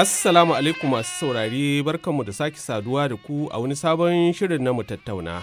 Assalamu alaikum masu saurari barkanmu da sake saduwa da ku a wani sabon shirin na mu tattauna.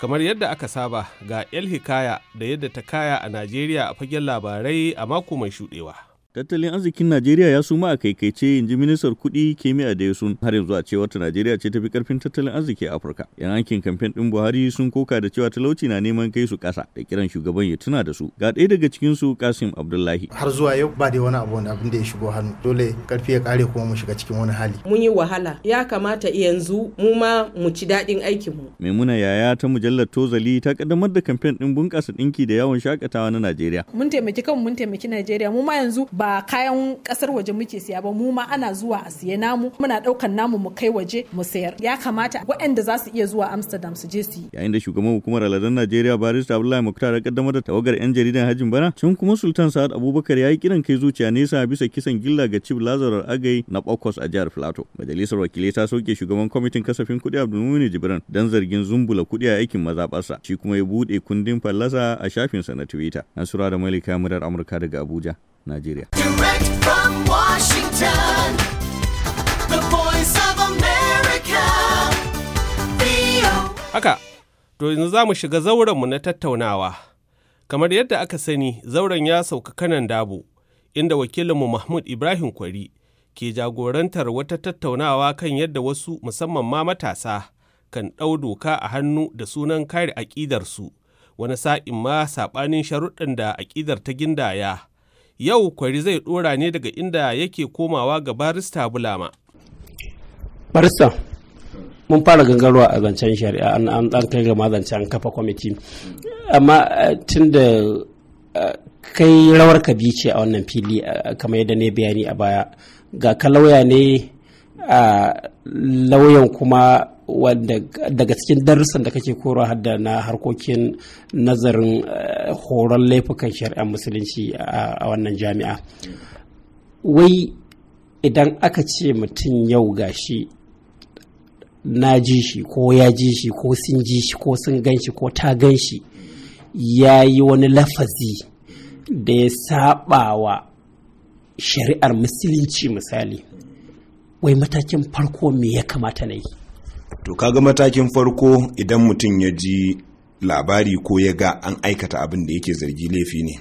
Kamar yadda aka saba ga El Hikaya da yadda ta kaya a Najeriya a fagen labarai a mako mai shuɗewa. Tattalin arzikin Najeriya ya suma a kaikaice in ji ministar kuɗi kimiyya da yasun har yanzu a cewar ta Najeriya ce tafi karfin tattalin arziki a Afirka. Yan aikin kamfen ɗin Buhari sun koka da cewa talauci na neman kai su kasa. da kiran shugaban ya tuna da su. Ga ɗaya daga cikin su Kasim Abdullahi. Har zuwa yau ba da wani abu wanda abin da ya shigo hannu dole karfi ya kare kuma mu shiga cikin wani hali. Mun yi wahala ya kamata yanzu mu ma mu ci daɗin aikin mu. Maimuna yaya ta mujallar Tozali ta kaddamar da kamfen ɗin bunƙasa ɗinki da yawon shakatawa na Najeriya. Mun taimaki kanmu mun taimaki Najeriya mu ma yanzu ba kayan kasar waje muke siya ba mu ma ana zuwa a siya namu muna daukan namu mu kai waje mu sayar ya kamata waɗanda za su iya zuwa Amsterdam su je su yi yayin da shugaban hukumar aladen Najeriya barista Abdullahi Muktar kaddamar da tawagar yan jaridan Hajin Bana can kuma Sultan Sa'ad Abubakar ya yi kiran kai zuciya nesa bisa kisan gilla ga cib lazarar Agai na bakwas a jihar filato majalisar wakilai ta soke shugaban kwamitin kasafin kuɗi Abdulmumin Jibran dan zargin zumbula kuɗi a aikin mazaɓarsa shi kuma ya buɗe kundin fallasa a shafinsa na Twitter sura da Malika murar Amurka daga Abuja Najeriya. Haka, to yanzu za mu shiga zaurenmu na tattaunawa. Kamar yadda aka sani, zauren ya sauka kanan dabo, inda wakilinmu Mahmud Ibrahim Kwari ke jagorantar wata tattaunawa kan yadda wasu musamman ma matasa kan ɗau doka a hannu da sunan kare aƙidarsu, wani sa'in ma saɓanin sharuɗan da aƙidar ta gindaya. Yau kwari zai ɗora ne daga inda yake komawa ga barista Bulama. Barista, mun fara gangarwa a zancen shari'a an an kai ga an kafa kwamiti. Amma eh, tun da eh, kai rawar ka ce a wannan fili eh, kamar yadda ne bayani a baya ga ka lauya ne a ah, lauyan kuma wanda daga cikin darussan da kake koro hada na harkokin nazarin eh, horon laifukan shari'ar musulunci a wannan jami'a wai idan aka ce mutum yau ga shi na ji shi ko ya ji shi ko sun ji shi ko sun gan shi ko ta gan shi ya yi wani lafazi da ya saba wa shari'ar musulunci misali wai matakin farko me ya kamata na yi to kaga matakin farko idan mutum ya ji labari ko ya ga an aikata abin da yake zargi laifi ne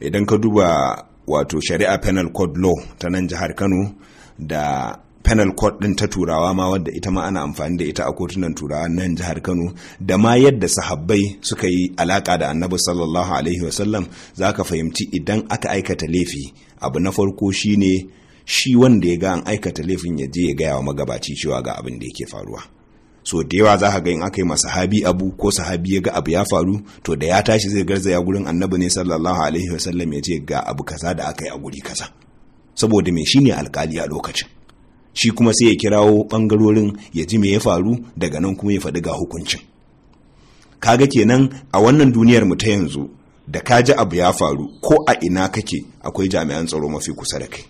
idan ka duba wato shari'a penal code law ta nan jihar kano da penal court din ta turawa ma wadda ita ma ana amfani da ita a kotunan turawa nan jihar kano da ma yadda sahabbai suka yi alaka da annabi sallallahu alaihi wasallam za ka fahimci idan aka aikata laifi abu na farko shine shi wanda ya ga an aikata laifin ya je ya gaya wa magabaci cewa ga abin da yake faruwa so da yawa za ka ga in aka yi masa sahabi abu ko sahabi ya ga abu ya faru to da ya tashi zai garzaya gurin annabi ne sallallahu alaihi wasallam ya ce ga abu kaza da aka yi a guri kaza saboda me shine alkali a lokacin shi kuma sai ya kirawo bangarorin ya ji me ya faru daga nan kuma ya faɗi ga hukuncin Ka ga kenan a wannan duniyar mu ta yanzu da ka ji abu ya faru ko a ina kake akwai jami'an tsaro mafi kusa da kai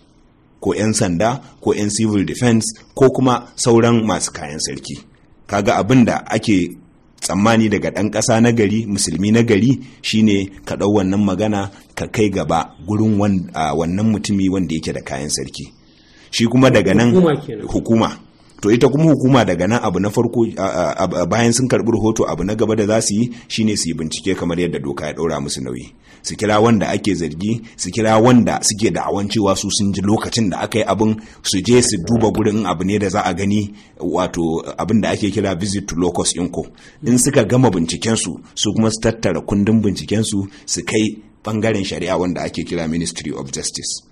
ko 'yan sanda ko 'yan civil defense ko kuma sauran masu kayan sarki kaga abin da ake tsammani daga ɗan ƙasa na gari musulmi na gari shine ka ɗau wannan magana ka kai gaba gurin wannan mutumi wanda yake da kayan sarki shi kuma daga nan hukuma to ita kuma hukuma daga nan abu na farko bayan sun karbi rahoto abu na gaba da za su yi shine su yi bincike kamar yadda doka ya ɗora musu nauyi su kira wanda ake zargi su kira wanda suke da'awan cewa su sun ji lokacin da aka yi abin su je su duba gurin abu ne da za a gani wato abin da ake kira visit to locus inco in suka gama binciken su su kuma su tattara kundin binciken su su kai bangaren shari'a wanda ake kira ministry of justice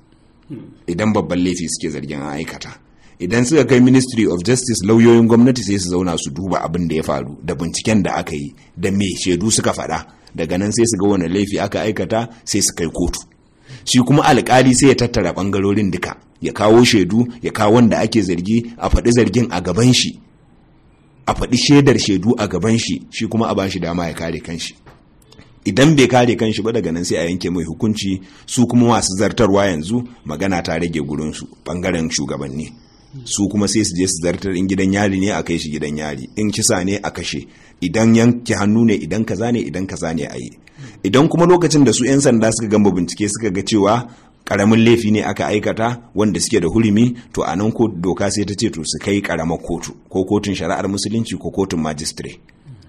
idan babban laifi suke zargin aikata idan suka kai ministry of justice lauyoyin gwamnati sai su zauna su duba abin da ya faru da binciken da aka yi da me shaidu suka faɗa daga nan sai su ga wani laifi aka aikata sai su kai kotu shi kuma alkali sai ya tattara bangarorin duka ya kawo shaidu ya kawo wanda ake zargi a faɗi zargin a gaban shi a faɗi shaidar shaidu a gaban shi shi kuma a bashi dama ya kare kanshi idan bai kare kanshi ba daga nan sai a yanke mai hukunci su kuma masu zartarwa yanzu magana ta rage gurinsu bangaren shugabanni su kuma sai su je su zartar in gidan yari ne a kai shi gidan yari in kisa ne a kashe idan yanki hannu ne idan kaza ne idan kaza ne a yi idan kuma lokacin da su 'yan sanda suka gamba bincike suka ga cewa karamin laifi ne aka aikata wanda suke da hurumi to a nan doka sai ta ce to su kai karamar kotu ko kotun shari'ar musulunci ko kotun majistire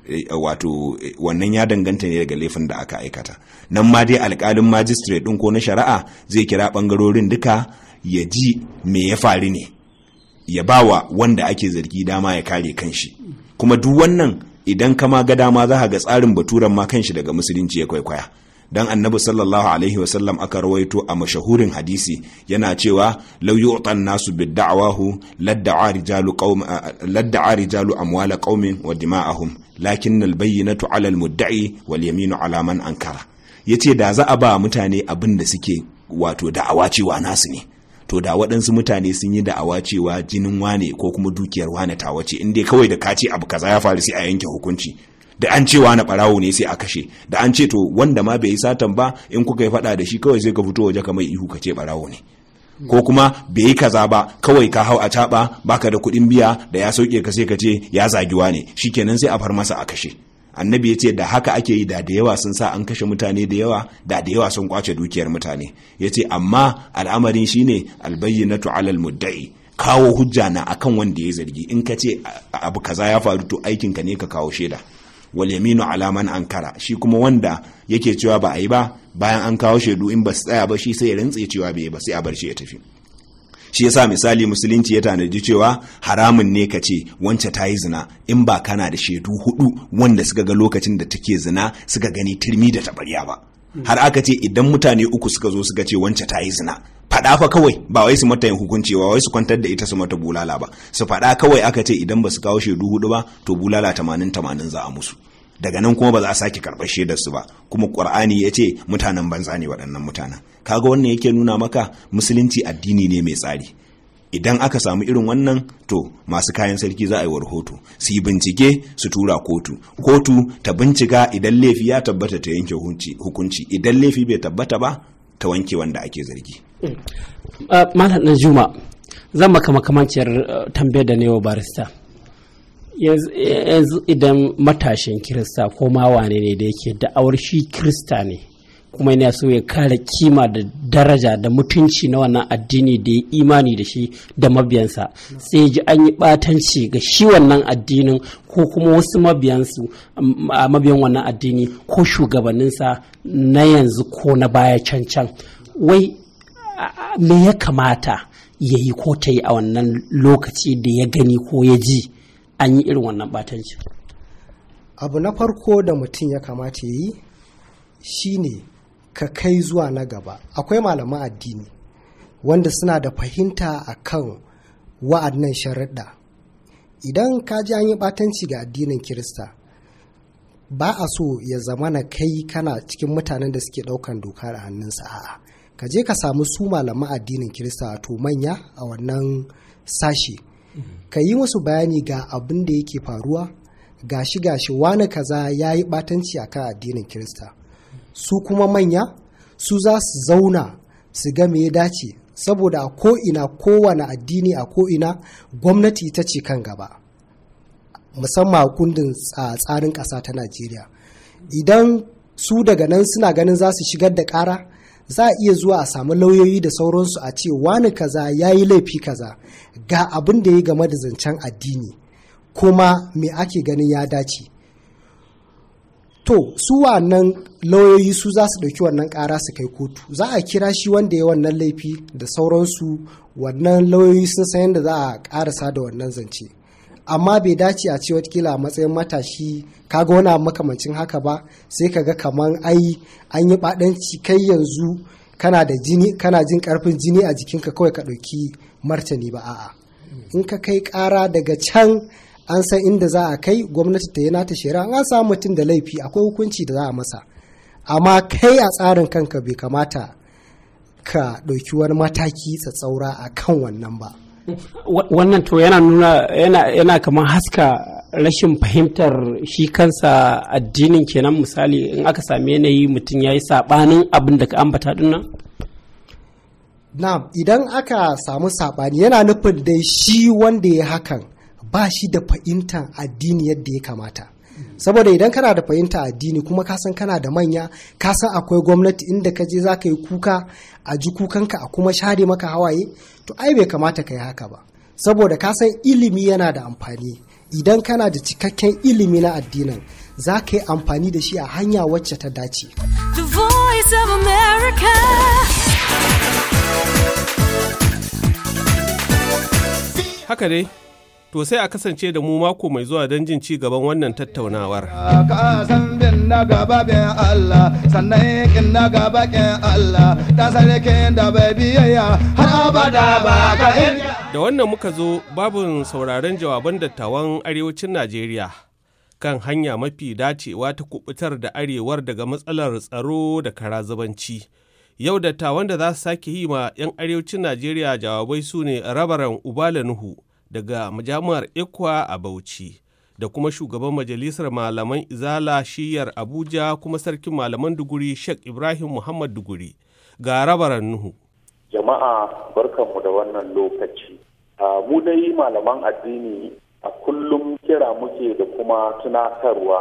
eh, wato eh, wannan ya danganta ne daga laifin da aka aikata nan ma dai alkalin majistire din ko na shari'a zai kira bangarorin duka ya ji me ya faru ne ya ba wa wanda ake zargi dama ya kare kanshi kuma duk wannan idan kama ga dama za ga tsarin baturan ma kanshi daga musulunci ya kwaikwaya dan annabi sallallahu alaihi wasallam aka rawaito a mashahurin hadisi yana cewa law yu'tan nasu bid'awahu ladda'a rijalu qaum ladda'a rijalu amwala qaumin wa dima'ahum lakin albayyinatu 'ala almudda'i wal yaminu 'ala man ankara yace da za a ba mutane abin da suke wato da'awa cewa nasu ne to da waɗansu mutane sun yi da awa cewa jinin wane ko kuma dukiyar wane ta wace in dai kawai da kace abu kaza ya faru sai a yanke hukunci da an ce wane barawo ne sai a kashe da an ce to wanda ma bai yi satan ba in kuka yi faɗa da shi kawai sai ka fito waje kamar ihu ka ce barawo ne ko kuma bai yi kaza ba kawai ka hau a caɓa baka da kuɗin biya da ya sauke ka sai ka ce ya zagi wane shikenan sai a far masa a kashe annabi ya ce da haka ake yi da da yawa sun sa an kashe mutane da yawa da da yawa sun kwace dukiyar mutane ya ce amma al'amarin shine albayyinatu alal mudda'i kawo hujja na akan wanda ya zargi in ka ce abu kaza ya faru to aikinka ne ka kawo shaida wal yaminu ala man ankara shi kuma wanda yake cewa ba a yi ba bayan an kawo shaidu in ba su tsaya ba shi sai ya rantse cewa bai ba sai a bar shi ya tafi shi yasa misali musulunci ya tanaji cewa haramun ne ka ce wance ta yi zina in ba kana da shaidu hudu wanda suka ga lokacin da take zina suka gani turmi da tabarya ba har aka ce idan mutane uku suka zo suka ce wance ta yi zina faɗa fa kawai ba wai su mata yin hukunci ba wai su kwantar da ita su mata bulala ba su faɗa kawai aka ce idan ba su kawo shaidu hudu ba to bulala tamanin tamanin za a musu daga nan kuma ba za a sake karɓar shaidar su ba kuma ƙur'ani ya ce mutanen banza ne waɗannan mutanen kaga wannan yake nuna maka musulunci addini ne mai tsari idan aka samu irin wannan to masu kayan sarki za a yi warhoto su yi bincike su tura kotu kotu ta bincika idan laifi ya tabbata ta yanke hukunci idan laifi bai tabbata ba ta wanke wanda ake zargi mm. uh, malam juma zan maka makamanciyar uh, tambayar da ne wa barista yanzu idan matashin kirista ko ma wane ne da yake da'awar shi kirista ne kuma yana so ya kare kima da daraja da mutunci na wannan addini da ya imani da shi da mabiyansa sai ji an yi batanci ga shi wannan addinin ko kuma wasu mabiyansu um, mabiyan wannan addini ko shugabanninsa na yanzu ko na baya can can wai me ya kamata ya yi ko ta yi a wannan lokaci da ya gani ko ya ji an yi irin wannan batanci abu na farko da mutum ya kamata ya yi shine ka kai zuwa na gaba akwai malaman addini wanda suna da fahimta a kan wa'annan sharaɗa idan ka ji an yi batanci ga addinin kirista ba a so ya zama na kai kana cikin mutanen da suke ɗaukan doka da hannunsa a'a ka je ka samu su malaman addinin kirista wato manya a wannan sashe. ka yi wasu bayani ga abin da yake faruwa gashi gashi wani kaza ya yi batanci a kan addinin kirista su kuma manya su za su zauna su ga me ya dace saboda a ko'ina kowane addini a ko'ina gwamnati ta ce kan gaba musamman a kundin tsarin ƙasa ta najeriya idan su daga nan suna ganin za su shigar da ƙara za a iya zuwa a samu lauyoyi da sauransu a ce wani kaza ya yi laifi kaza ga abin da ya game da zancen addini kuma me ake ganin ya dace to su wannan lauyoyi su za su ɗauki wannan ƙara su kai kotu za a kira shi wanda ya wannan laifi da sauransu wannan lauyoyi sun san yadda za a ƙarasa da wannan zance amma bai dace a ce watakila a matsayin matashi ka ga wani makamancin haka ba sai ka ga kamar ai an yi baɗanci kai yanzu kana da jini kana jin karfin jini a jikinka kawai ka ɗauki martani ba a'a hmm. in ka kai kara daga can an san inda za a kai gwamnati ta yi nata shari'a an samu mutum da laifi akwai hukunci da za a masa amma kai a tsarin kanka bai kamata ka ɗauki wani mataki tsatsaura a kan wannan ba wannan to yana nuna yana kamar haska rashin fahimtar shi kansa addinin kenan misali in aka sami yanayi mutum ya yi saɓanin abin da ka ambata dinnan? na idan aka samu saɓani yana nufin da shi wanda ya hakan ba shi da fahimtar addini yadda ya kamata saboda idan kana da fahimta addini kuma ka san kana da manya ka san akwai gwamnati inda ka je za ka yi kuka a ji kukanka a kuma share maka hawaye to ai bai kamata ka yi haka ba saboda ka san ilimi yana da amfani idan kana da cikakken ilimi na addinin za ka yi amfani da shi a hanya wacce ta dace. Haka dai, To sai a kasance da mu mako mai zuwa don jin ci gaban wannan tattaunawar. Da wannan muka zo babin sauraron jawaban dattawan arewacin Najeriya. kan hanya mafi dacewa ta kubutar da arewar daga matsalar tsaro da karazabanci. Yau da ta wanda za su sake yi ma 'yan arewacin Najeriya jawabai su ne rabaran Ubala Nuhu, daga majami'ar Ikwa a Bauchi da kuma shugaban majalisar malaman Izala shiyar Abuja kuma sarkin malaman Duguri Sheikh Ibrahim Muhammad Duguri ga rabaran Nuhu. Jama'a barkanmu da wannan lokaci. Mu dai malaman addini a kullum kira muke da kuma tunatarwa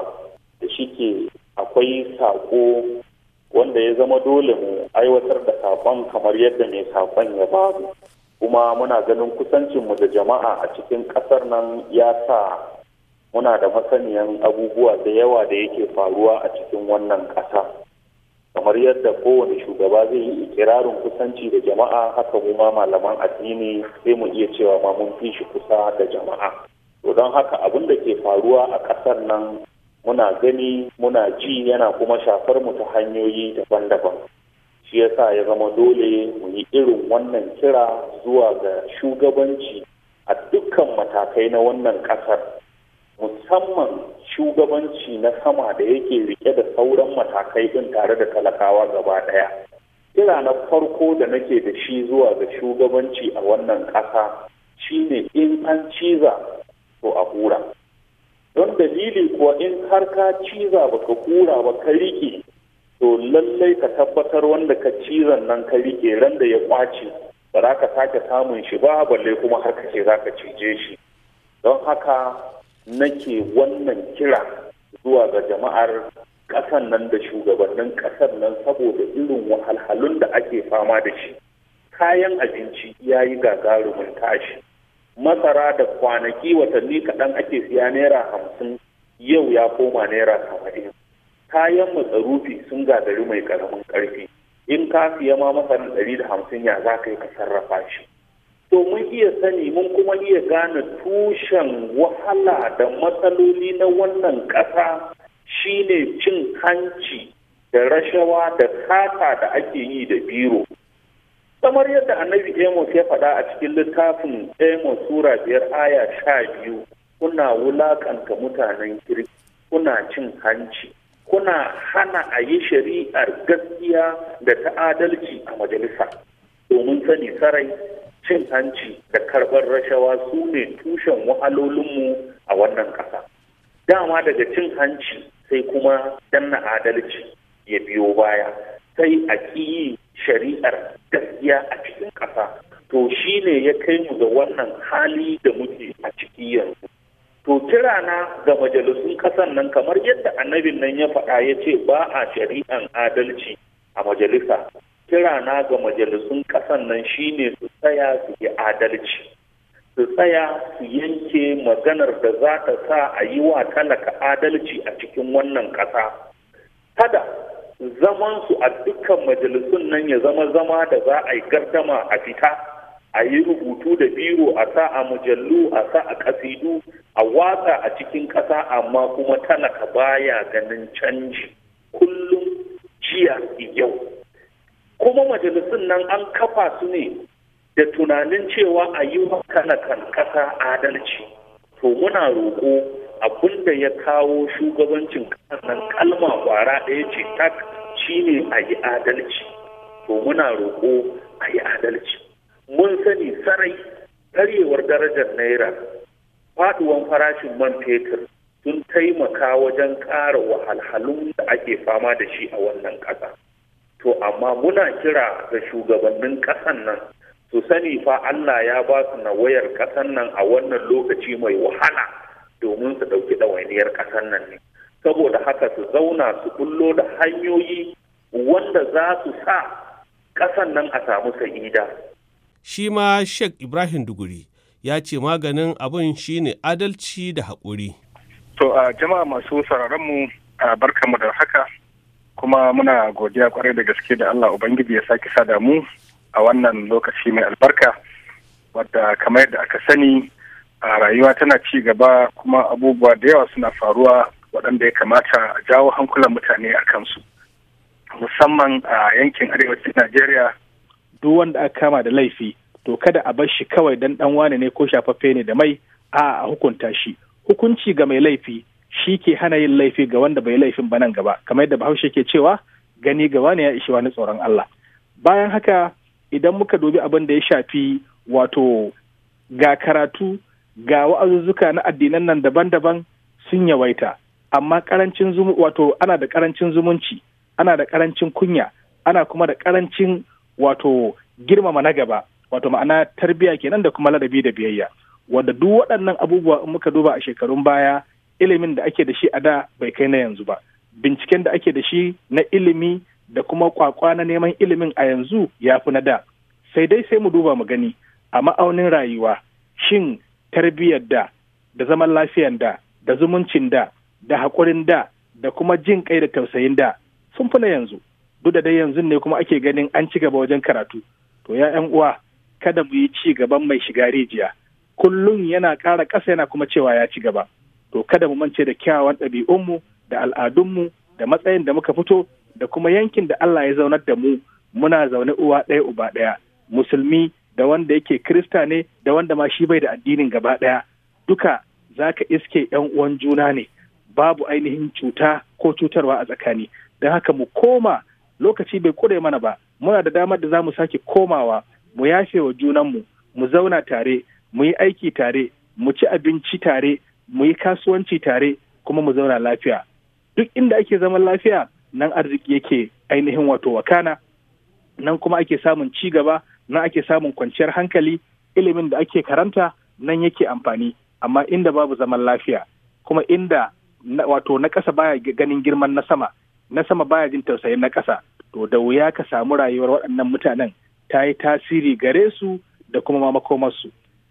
da shi ke akwai saƙo wanda ya zama dole mu aiwatar da saƙon kamar yadda mai saƙon ya babu. kuma muna ganin kusancinmu da jama'a a cikin kasar nan ya sa muna da masaniyan abubuwa da yawa da yake faruwa a cikin wannan ƙasa kamar yadda kowane shugaba zai yi ikirarin kusanci da jama'a haka mu ma malaman addini sai mu iya cewa ma mun fi shi kusa da jama'a to don haka abin da ke faruwa a ƙasar nan muna gani muna ji yana kuma shafar mu ta hanyoyi daban-daban shi yasa ya zama dole mu yi irin wannan kira zuwa ga shugabanci a dukkan matakai na wannan kasar musamman shugabanci na sama da yake rike da sauran matakai din tare da talakawa gaba daya kira na farko da nake da shi zuwa ga shugabanci a wannan ƙasa shine in an ciza to a hura don dalili kuwa in har ka ciza baka hura ba ka rike to lallai ka tabbatar wanda ka cizon nan ka rike ran da ya kwace ba za ka sake samun shi ba balle kuma har ka ce za ka cije shi don haka nake wannan kira zuwa ga jama'ar ƙasan nan da shugabannin ƙasar nan saboda irin wahalhalun da ake fama da shi kayan abinci ya yi gagarumin tashi masara da kwanaki watanni kaɗan ake siya naira hamsin yau ya koma naira tamanin kayan matsarufi sun gagari mai karamin karfi in ka siya ma masarar ɗari da hamsin ya za ka yi ka sarrafa shi to mun iya sani mun kuma iya gane tushen wahala da matsaloli na wannan ƙasa shine cin hanci da rashawa da kata da ake yi da biro kamar yadda annabi amos ya faɗa a cikin littafin amos sura biyar aya sha biyu kuna wulaƙanta mutanen kirki kuna cin hanci kuna hana a yi shari'ar gaskiya da ta adalci a majalisa domin sani sarai cin hanci da karɓar rashawa su ne tushen wahalolinmu a wannan ƙasa dama daga cin hanci sai kuma danna adalci ya biyo baya sai a yi shari'ar gaskiya a cikin ƙasa to shi ne ya kai mu ga wannan hali da muke a ciki yanzu to kirana ga majalisun ƙasan nan kamar yadda annabin nan ya faɗa ya ce ba a shari'an adalci a majalisa kirana ga majalisun ƙasan nan shine su tsaya su yi adalci su tsaya su yanke maganar da za ta sa a yi wa talaka adalci a cikin wannan ƙasa kada zamansu a dukkan majalisun nan ya zama zama da za a yi gardama a fita a yi rubutu da biro a sa a mujallu a sa a kasidu a watsa a cikin ƙasa amma kuma talaka baya ganin canji kullum jiya yau kuma majalisun nan an kafa su ne da tunanin cewa a yi wa talakan ƙasa adalci to muna roƙo abin da ya kawo shugabancin ƙasar nan kalma kwara ɗaya ce tak shine a yi adalci to muna roƙo a yi adalci mun sani sarai karyewar darajar naira faduwan farashin man fetur sun taimaka wajen ƙara wahalhalun da ake fama da shi a wannan ƙasa to amma muna kira ga shugabannin ƙasan nan su sani fa Allah ya ba su na wayar ƙasan nan a wannan lokaci mai wahala domin su ɗauki ɗawainiyar ƙasan nan ne saboda haka su zauna su kullo da hanyoyi wanda za su sa ƙasan nan a samu sa'ida shi ma sheikh ibrahim duguri ya ce maganin abin shine adalci da haƙuri to a jama'a masu sauraronmu a mu da haka kuma muna godiya kwarai da gaske da allah ubangiji ya sake sada mu a wannan lokaci mai albarka wadda kamar yadda aka sani a rayuwa tana ci gaba kuma abubuwa da yawa suna faruwa waɗanda ya kamata a jawo hankulan mutane a kansu musamman a yankin arewacin najeriya duk wanda aka kama da laifi to kada a bar shi kawai dan dan wane ne ko shafaffe ne da mai a a hukunta shi hukunci ga mai laifi shi ke hana yin laifi ga wanda bai laifin ba nan gaba kamar yadda bahaushe ke cewa gani ga wane ya ishi wani tsoron Allah bayan haka idan muka dubi abin da ya shafi wato ga karatu ga wa'azuzzuka na addinan nan daban-daban sun yawaita amma karancin wato ana da karancin zumunci ana da karancin kunya ana kuma da karancin wato girmama na gaba wato ma'ana tarbiyya kenan da kuma ladabi da biyayya wanda duk waɗannan abubuwa in muka duba a shekarun baya ilimin da ake da shi a da bai kai na yanzu ba binciken da ake da shi na ilimi da kuma kwakwa na neman ilimin a yanzu ya fi na da sai dai sai mu duba mu gani a ma'aunin rayuwa shin tarbiyyar da da zaman lafiyar da da zumuncin da da haƙurin da da kuma jin kai da tausayin da sun fi na yanzu duk da dai yanzu ne kuma ake ganin an ci gaba wajen karatu to ya yan uwa kada mu yi ci gaban mai shiga rijiya kullum yana ƙara ƙasa yana kuma cewa ya ci gaba to kada mu mance da kyawawan ɗabi'unmu da al'adunmu da matsayin da muka fito da kuma yankin da Allah ya zaunar da mu muna zaune uwa ɗaya uba ɗaya musulmi da wanda yake krista ne da wanda ma shi bai da addinin gaba ɗaya duka za ka iske yan uwan juna ne babu ainihin cuta ko cutarwa a tsakani don haka mu koma lokaci bai kure mana ba muna da damar da za mu sake komawa mu yafe wa junanmu mu zauna tare mu yi aiki tare mu ci abinci tare mu yi kasuwanci tare kuma mu zauna lafiya duk inda ake zaman lafiya nan arziki yake ainihin wato wakana nan kuma ake samun ci gaba nan ake samun kwanciyar hankali ilimin da ake karanta nan yake amfani amma inda babu zaman lafiya kuma inda wato na ƙasa baya ganin girman na sama na sama baya jin tausayin na ƙasa to da wuya ka samu rayuwar waɗannan mutanen ta yi tasiri gare su da kuma ma makomarsu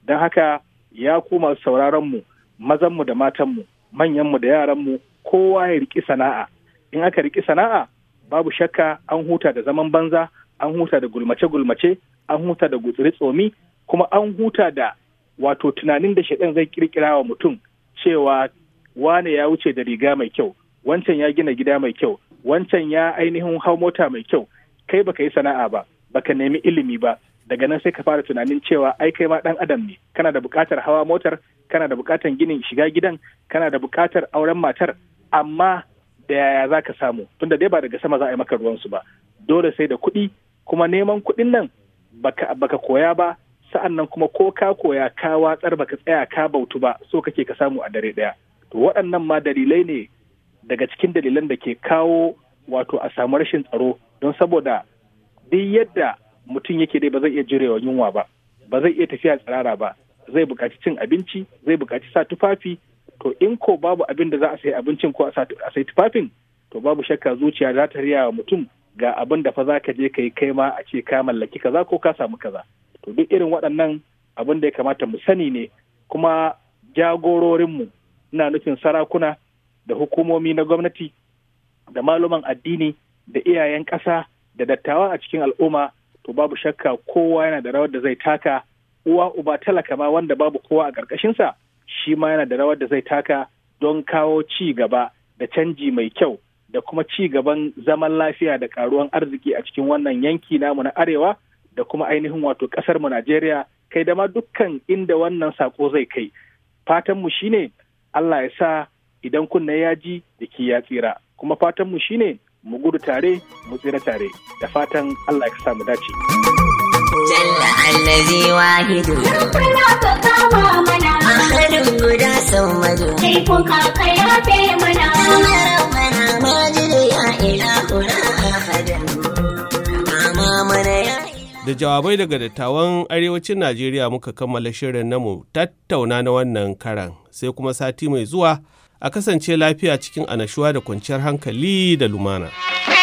don haka ya kuma sauraronmu mazanmu da matanmu mu da yaranmu kowa ya riƙi sana'a in aka riƙi sana'a babu shakka an huta da zaman banza an huta da gulmace-gulmace an huta da gutsiri tsomi kuma an huta da wato tunanin da shaɗan zai kirkira wa mutum cewa wane ya wuce da riga mai kyau wancan ya gina gida mai kyau wancan ya ainihin hau mota mai kyau kai baka yi sana'a ba baka nemi ilimi ba daga nan sai ka fara tunanin cewa ai kai ma dan adam ne kana da bukatar hawa motar kana da bukatar ginin shiga gidan kana da bukatar auren matar amma da yaya za ka samu tunda dai ba daga sama za a yi maka ruwansu ba dole sai da kuɗi kuma neman kuɗin nan baka, baka koya ba sa'an nan kuma ko ka koya ka watsar baka tsaya ka bautu ba so kake ka samu a dare ɗaya to waɗannan ma dalilai ne daga cikin dalilan da ke kawo wato a samu rashin tsaro don saboda duk yadda mutum yake dai ba zai iya jirewa yunwa ba ba zai iya tafiya tsirara ba zai buƙaci cin abinci zai buƙaci sa tufafi to in ko babu abin da za a sayi abincin ko a sayi tufafin to babu shakka zuciya za ta riya wa mutum ga abin da fa za ka je ka yi kai ma a ce ka mallaki kaza ko ka samu kaza to duk irin waɗannan abin da ya kamata mu sani ne kuma jagororinmu ina nufin sarakuna da hukumomi na gwamnati da maluman addini da iyayen ƙasa da dattawa a cikin al'umma to babu shakka kowa yana da rawar da zai taka uwa uba talaka ma wanda babu kowa a ƙarƙashinsa shi ma yana da rawar da zai taka don kawo ci gaba da canji mai kyau da kuma ci gaban zaman lafiya da ƙaruwan arziki a cikin wannan yanki namu na arewa da kuma ainihin wato ƙasar mu Najeriya kai da ma dukkan inda wannan saƙo zai kai fatan mu shine Allah ya sa idan kunne ya ji jiki ya tsira kuma fatanmu shine mu gudu tare mu tsira tare da fatan Allah ya sa dace Jalla allazi wahidu ya kama mana Ahadun guda sau kaka ya fe mana majidu ya Mama mana ya Da jawabai daga dattawan arewacin Najeriya muka kammala shirin namu tattauna na wannan karan sai kuma sati mai zuwa a kasance lafiya cikin anashuwa da kwanciyar hankali da lumana.